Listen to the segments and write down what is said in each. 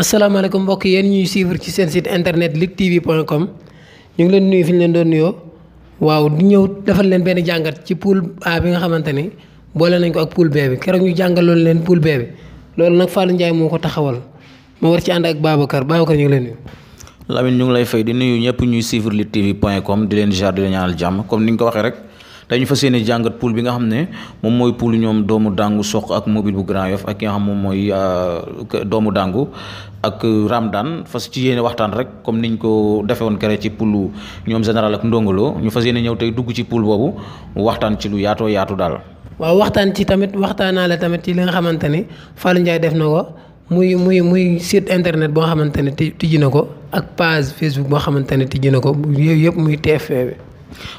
asalaamaaleykum mbokk yéen ñuy suivre ci seen site internet lutte tv point com ñu ngi leen nuyu fi ñu leen doon nuyoo waaw di ñëw defal leen benn jàngat ci poule A bi nga xamante ni boole nañ ko ak poule B bi keroog ñu jàngaloon leen poule B bi loolu nag Fallou Ndiaye moo ko taxawal moo war ci ànd ak Babacar Babacar ñu ngi leen nuyu. Lamine ñu ngi lay fay di nuyu ñëpp ñuy suivre lutte tv com di leen jaar di la ñaanal jàmm comme ni nga ko waxee rek. dañu fas yéene jàngat poul bi nga xam ne moom mooy poul ñoom doomu dàngu soq ak mobile bu Grand Yoff ak ki nga xam moom mooy euh, doomu dàngu ak daan fas ci yéene waxtaan rek comme niñ ko defe woon kere ci poulu ñoom général ak ñu fas yéene ñëw tey dugg ci poul boobu waxtaan ci lu yaatoo yaatu daal. waaw waxtaan ci tamit waxtaanaa la tamit ci li nga xamante ni Fallou Ndiaye def na ko muy muy muy site internet boo xamante ne tijji na ko ak page Facebook boo xamante ne tijji na ko yooyu yëpp muy TFP bi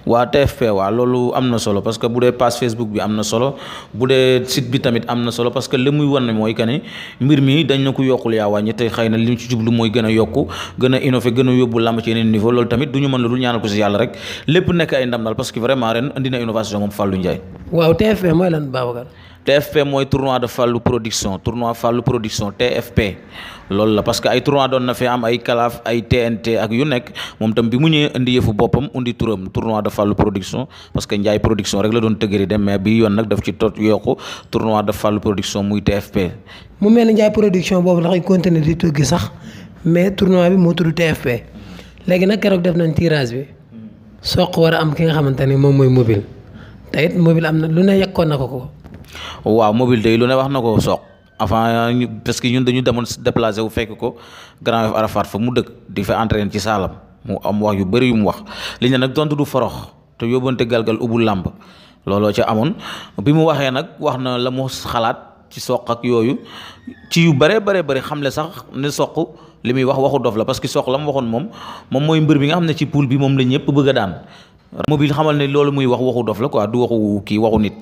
waa TFP waa loolu am na solo parce que bu dee page Facebook bi am na solo bu dee site bi tamit am na solo parce que muy wan mooy que ne mbir mi dañ na ko yokkul yaa wàññi te xëy na li ñu ci jublu mooy gën a yokku gën a innové gën a yóbbu làmb ci yeneen niveau loolu tamit du ñu mën la dul ñaanal ko si yàlla rek lépp nekk ay ndam daal parce que ren indi na innovation moom Fallou waaw TFP mooy lan Babacar. TFP mooy tournoi de Fallou production tournoi Fallou production TFP loolu la parce que ay tournoi doon na fi am ay kalaaf ay TNT ak yu nekk moom tam bi mu ñëwee indi yëfu boppam indi turam tournoi de Fallou production parce que Ndiaye production rek la doon tëgëri dem mais bi yoon nag daf ci tot yokku tournoi de Fallou production muy TFP. mu mel ne Ndiaye production boobu dafay continuer di tëgg sax mais tournoi bi moo tudd TFP léegi nag keroog def nañ tirage bi soq war am ki nga xamante ne moom mooy mobile te na lu ne yekkoon na ko ko. waaw mobile day lu ne wax na ko soq avant ñu parce que ñun dañu demoon déplacé wu fekk ko Grand Yoff Arafat fa mu dëkk di fa entraîné ci saalam mu am wax yu bëri yu mu wax li la nag tontu du forox te yóbbante galgal ubbu làmb looloo ca amoon bi mu waxee nag wax na la mu xalaat ci soq ak yooyu ci yu bëree bare bëri xam le sax ne soq li muy wax waxu dof la parce que la mu waxoon moom moom mooy mbër bi nga xam ne ci poule bi moom la ñëpp bëgg a daan mobile xamal ne loolu muy wax waxu dof la ko quoi du waxu kii waxu nit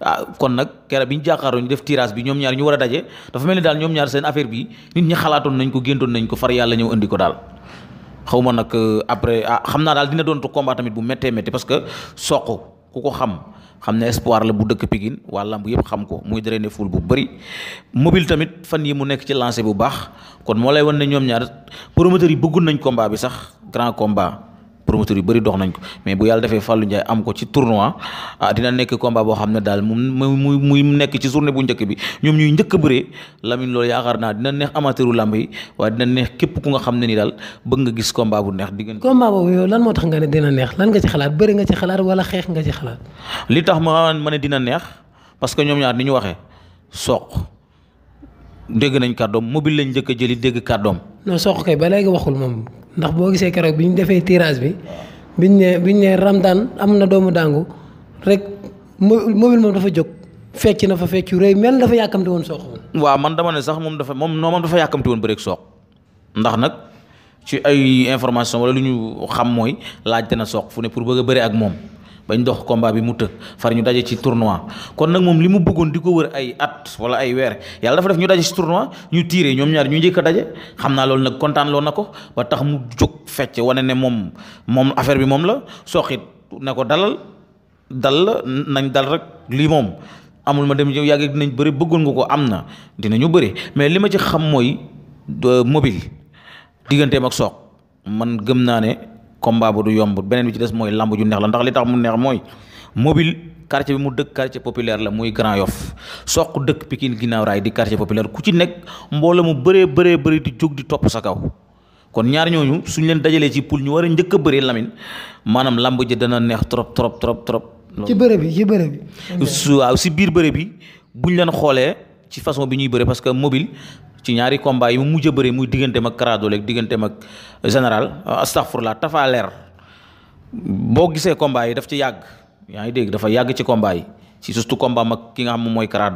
ah kon nag kera bi ñu jàkkaaroo ñu def tirage bi ñoom ñaar ñu war a daje dafa mel ni daal ñoom ñaar seen affaire bi nit ñi xalaatoon nañ ko géntoon nañ ko far yàlla ñëw indi ko daal xaw ma nag euh, après ah, xam naa daal dina doon combat tamit bu méttee méttee parce que soq ku ko xam xam ne espoir la bu dëkk Pikine waa lamb yëpp xam ko muy drainer foule bu bëri mobile tamit fan yi mu nekk ci lancé bu baax kon moo lay wan ne ñoom ñaar promoteurs yi bëggoon nañ combat bi sax grand combat. promoteur yu bëri dox nañ ko mais bu yàlla defee Fallou Ndiaye am ko ci tournoi ah dina nekk combat boo xam ne daal mu mu muy nekk ci journée bu njëkk bi ñoom ñuy njëkk a bëree Lamine loolu yaakaar naa dina neex amateuru làmb yi waaye dina neex képp ku nga xam ne ni daal bëgg nga gis combat bu neex diggante. combat boobu yow lan moo tax nga ne dina neex lan nga ci xalaat bëri nga ci xalaat wala xeex nga ci xalaat. li tax ma ma ne dina neex parce que ñoom ñaar ni ñu waxee soq dégg nañ kàddoom mobile lañ njëkk a jëli dégg kàddoom. non kay ba léegi waxul moom ndax boo gisee keroog bi ñu defee tirage bi. bi nee bi biñ ne Ramdaan am na doomu dàngu rek mobile moom dafa jóg. fecc na fa fecc rëy mel dafa yàkkamti woon soox moom. waaw man dama ne sax moom dafa moom non moom dafa yàkkamti woon bëreeg soox ndax nag ci ay information wala lu ñu xam mooy laajte na soox fu ne pour bëgg a bëri ak moom. bañ dox combat bi mu të far ñu daje ci tournoi kon nag moom li mu bëggoon di ko wër ay at wala ay weer yàlla dafa def ñu daje ci tournoi ñu tiire ñoom ñaar ñu njëkk a daje xam naa loolu nag kontaan loo na ko ba tax mu jóg fecc wane ne moom moom affaire bi moom la soxit ne ko dalal dal la nañ dal rek lii moom amul ma dem yow yàgg nañ bëri bëggoon nga ko am na dinañu bëri mais li ma ci xam mooy mobile digganteem ak sook man gëm naa ne. combat bu du yomb beneen bi ci des mooy lamb ju neex la ndax li tax mu neex mooy mobile quartier bi mu dëkk quartier populaire la muy Grand Yoff soq dëkk Pikine ginnaaw raay di quartier populaire ku ci nekk mbooloo mu bëree bëree bëri di jóg di topp sa kaw kon ñaar ñooñu suñ leen dajalee ci poul ñu war a njëkk a bëree maanaam lamb ji dana neex trop trop trop trop. ci bëre bi ci bëre bi. waaw si biir bëre bi buñ leen xoolee ci façon bi ñuy bëre parce ci ñaari combat yi mu mujj a bëre muy digganteem ak Kara Dollé ak digganteem ak général euh, astafurla Tapha Leer boo gisee combat yi daf ci yàgg yaa ngi dégg dafa yàgg ci combat ci surtout combat mag ki nga xam moom mooy Kara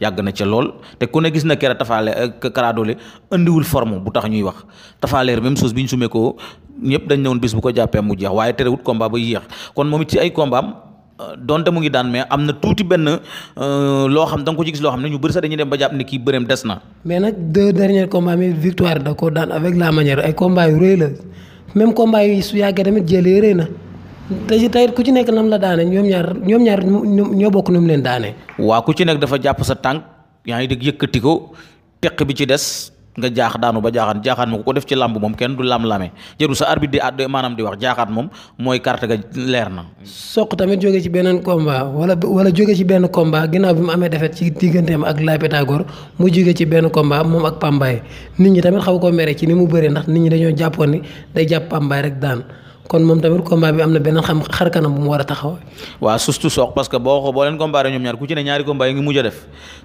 yàgg na ca lool te ku ne gis na kera Tapha Leer euh, Kara Dollé form forme bu tax ñuy wax Tapha Leer même chose bi ñu sumee ko ñëpp dañ ne woon bis bu ko jàppee mu jeex waaye terewut combat ba yéex kon moom it ci ay combat donte mu ngi daan mais am na tuuti benn euh, loo xam da ko ci gis loo xam ne ñu bëri sax dañuy dem ba jàpp ne kii bëreem des na. mais nag deux derniers combats mi victoire da ko daan avec la manière ay combats yu rëy la même combats yi su yàggee tamit jëlee rëy na. te tey ku ci nekk nam la daanee ñoom ñaar ñoom ñaar ñoo bokk nu mu leen daanee waa ku ci nekk dafa jàpp sa tànk yaa ngi dégg yëkkati ko teq bi ci des. nga jaax daanu ba jaaxaan jaaxaan moom ko def ci làmb moom kenn du lam-lame jëru sa arbitre di àdd maanaam di wax jaaxaat moom mooy carte ga leer na soq tamit jóge ci beneen komba wala wala jóge ci benn combat ginnaaw bi mu amee defee ci digganteem ak Laye Pythagore mu jóge ci benn combat moom ak Pambaay nit ñi tamit xaw ko mere ci ni mu bëree ndax nit ñi dañoo jàppoon ni day jàpp Pambaay rek daan kon moom tamit combat bi am na beneen xam xar kanam bu mu war a taxaw. waaw surtout sox parce que boo xoo boo leen comparé ñoom ñaar ku ci ne ñaari combat yi ngi mujj a def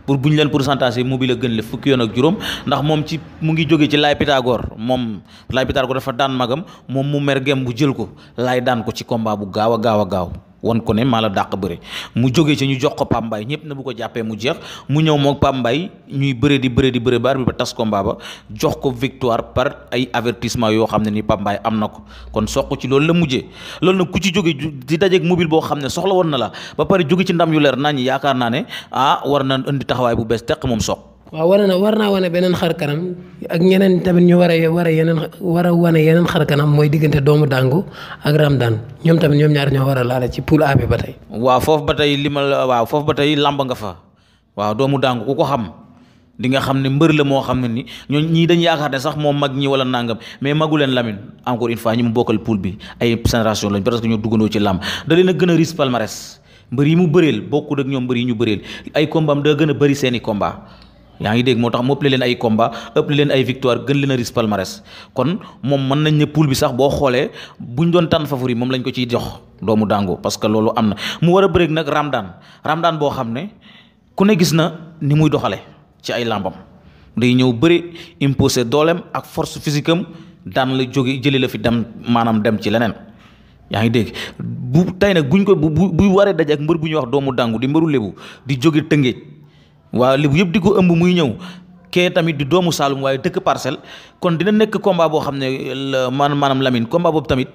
pour bu ñu leen pourcentage yi mu bi gën le fukki yoon ak juróom ndax moom ci mu ngi jóge ci laay Pythagore moom laay Pythagore dafa daan magam moom mu mer gem bu jël ko laay daan ko ci combat bu gaaw a gaaw a gaaw. wan ko ne maa la dàq bëre mu jóge ci ñu jox ko pambaay ñëpp na bu ko jàppee mu jeex mu ñëw moog pambaay ñuy bëre di bëre di bëre baar bi ba tas combat ba jox ko victoire par ay avertissement yoo xam ne ni pambaay am na ko kon soq ci loolu la mujjee loolu na ku ci jóge di dajeeg mobile boo xam ne soxla woon na la ba pare jóge ci ndam yu leer nañ yaakaar naa ne ah war na indi taxawaay bu bees teq moom soq waa war na war naa wane beneen xar kanam ak ñeneen tamit ñu war a war yeneen war wane yeneen xar kanam mooy diggante doomu dàngu ak Ramdan ñoom tamit ñoom ñaar ñoo war a laale ci poule A bi ba tey. waa foofu ba tey li ma la waaw foofu ba tey làmb nga fa waaw doomu dàngu ku ko xam di nga xam ne mbër la moo xam ne ni ñoo ñii dañu yaakaar ne sax moom mag ñi wala nangam mais magu leen Lamine encore une fois ñu mu bokkal poul bi ay génération lañ parce que ñoo duggandoo ci làmb da leen gën a riche mbër yi mu bëreel bokkul ak ñoom mbër yi ñu bëreel ay kombaam da gën a bëri seeni combat yaa ngi dégg moo tax mu ëppale leen ay combat ëppale leen ay victoire gën leen a riche kon moom mën nañ ne poule bi sax boo xoolee bu ñu doon tànn favori moom lañ ko ciy jox doomu Dango parce que loolu am na mu war a bëreeg nag Ramdaan Ramdaan boo xam ne ku ne gis na ni muy doxale ci ay làmbam day ñëw bëri imposé dooleem ak force physique am daan la jóge jëli la fi dem maanaam dem ci leneen yaa ngi dégg bu tey nag buñ ko bu bu waree daj ak mbër bu ñuy doomu Dango di mbëru lébu di jóge Tëngéej. waa Lebu yëpp di ko ëmb muy ñëw kee tamit di doomu Saalum waaye dëkk parcelle kon dina nekk combat boo xam ne man maanaam Lamine combat boobu tamit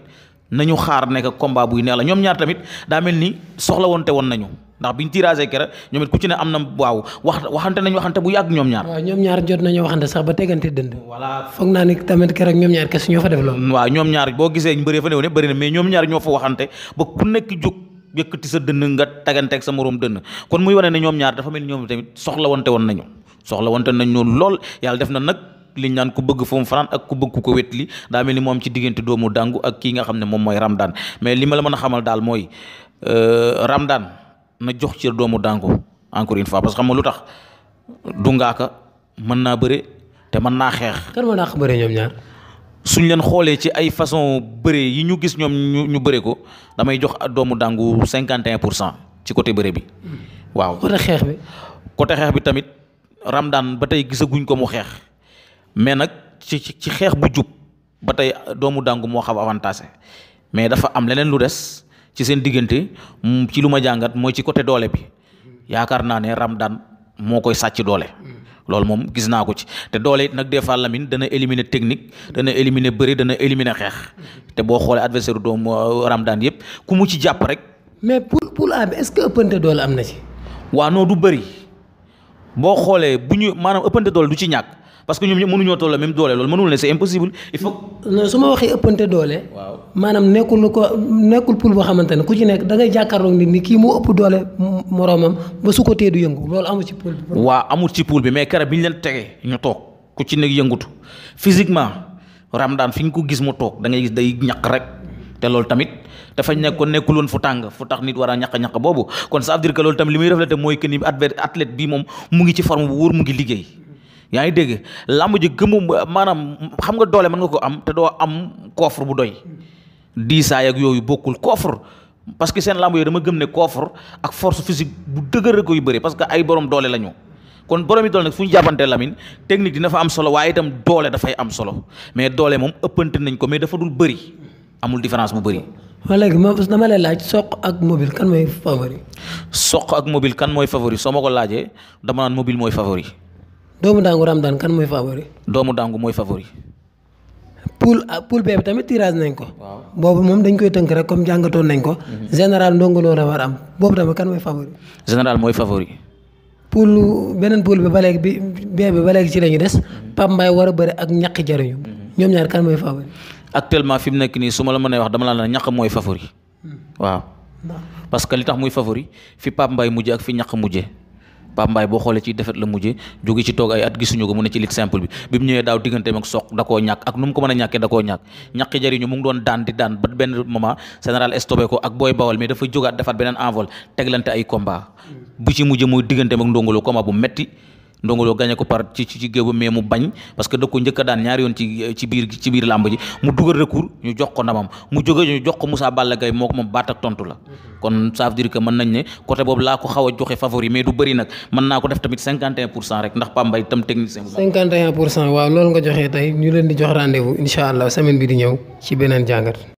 nañu xaar nekk combat buy neex la ñoom ñaar tamit daa mel ni soxla woon te woon nañu ndax biñ tirage kera ñoom it ku ci ne na waaw wax waxante nañ waxante bu yàgg ñoom ñaar. waaw ñoom ñaar jot nañoo waxante sax ba tegante dënd. voilà ñoom ñaar ñoo fa def boo gisee ñu bëree fa néew ne bëri na mais ñoom ñaar ñoo fa waxante ba ku nekk jóg. yëkkati sa dënn nga taganteeg sa moroom dënn kon muy wane ne ñoom ñaar dafa mel ñoom tamit soxla wante woon nañu soxla wante nañu lool yàlla def na nag liñ naan ku bëgg fu mu fanaan ak ku bëgg ku ko wet li daa mel ni moom ci diggante doomu dàngu ak kii nga xam ne moom mooy ramdaan mais li man a xamal daal mooy euh, ramdaan na jox ci doomu dàngu encore une fois parce que xam ma lu tax du ngaaka mën naa bëre te mën naa xeex. kan mën naa bëre ñoom ñaar. suñ leen xoolee ci ay façon bëre yi ñu gis ñoom ñu ñu bëre ko damay jox doomu dàngu cinquante et pour cent ci côté bëre bi mm. waaw. côté xeex bi. côté xeex bi tamit Ramdaan ba tey gisaguñ ko mu xeex mais nag ci ci xeex bu jub ba tey doomu dàngu moo xaw avantage mais dafa am leneen lu des ci seen diggante mm, ci lu ma jàngat mooy ci côté doole bi mm-hmm. yaakaar naa ne Ramdaan moo koy sàcc doole. Mm. loolu moom gis naa ko ci te doole nag des fois Lamine dana éliminer technique dana éliminer bëri dana éliminer xeex te boo xoolee adversaire doomu euh, Ramdan yëpp ku mu ci jàpp rek. mais pour pour A est-ce que ëppante doole am na ci. waaw non du bëri boo xoolee bu ñu maanaam ëppante doole du ci ñàkk. parce que ñoom mënuñoo toll même doole loolu mënul ne ma waxee ëppante doole. waaw maanaam nekkul lu ko nekkul poul boo xamante ne ku ci nekk dangay ngay jàkkaarloog nit ni kii moo ëpp doole moroomam ba su ko tee du yëngu loolu amul ci poul bi. amul ci poul bi mais keroog bi ñu leen tegee ñu toog ku ci nekk yëngutu physiquement Ramdaan fi ñu ko gis mu toog da ngay gis day ñaq rek te loolu tamit. dafa ko nekkul woon fu tàng fu tax nit war a ñaq-ñaq boobu kon ça veut dire que loolu tamit li muy reflété mooy que ni athlète bi moom mu ngi ci forme bu mu ngi liggéey yaa ngi dégg làmb ji gëmu maanaam xam nga doole mën nga ko am te doo am coffre bu doy diisaay ak yooyu bokkul coffre parce que seen làmb yooyu dama gëm ne coffre ak force physique bu dëgër koy bëri parce que ay borom doole la ñu kon borom yi doole nag fu ñu jàppante technique dina fa am solo waaye itam doole dafay am solo mais doole moom ëppante nañ ko mais dafa dul bëri amul différence bu bëri. waaw léegi ma dama lay laaj soq ak mobile kan mooy favori. ak mobile kan mooy favori soo ma ko laajee dama naan mobile mooy favori. doomu dàngu Ramadane kan mooy favori. doomu dàngu mooy favori. poule ah poule bee bi tamit tirage nañ ko. waaw boobu moom dañ koy tënk rek comme jàngatoon nañ ko. Mhm. général ndongo loolu war am boobu tamit kan mooy favori. général mooy favori. poule beneen poule bi ba léegi bi bee bi ba léegi ci la ñu des mhm. Pape Mbaye war a bëri ak ñàkk jariñu mhm. ñoom ñaar kan mooy favori. actuellement fi mu nekk nii su ma la mënee wax dama la la ñàkk mooy favori. waaw parce que li tax muy favori fi Pape Mbaye mujje ak fi ñàkk mujje Pape Mbaye boo xoolee ci defet la mujjee jóge ci toog ay at gisuñu mu ne ci lit simple bi bi mu daaw digganteem ak soq da koo ak nu ko mën a ñàkkee da koo ñàkk ñàkki jariñu mu doon daan di daan ba benn moment général stopé ko ak booy bawal mais dafa jógaat defaat beneen envol teglante ay combat mm. bu ci mujjee muy digganteem ak ndongolo combat bu metti Ndongo Lo gagné ko par ci ci mais mu bañ parce da ko njëkk a daan ñaari yoon ci ci biir ci biir làmb ji mu dugal recours ñu jox ko ndamam mu jóge ñu jox ko Moussa Balla Gaye moo ko moom baat tontu la kon ça dire que mën nañ ne côté boobu laa ko xaw a joxe favori mais du bëri nag mën naa ko def tamit 51 pour cent rek ndax Pambay tam technicien 51 pour cent waaw loolu nga joxee tey ñu leen di jox rendez-vous incha allah semaine bi di ñëw ci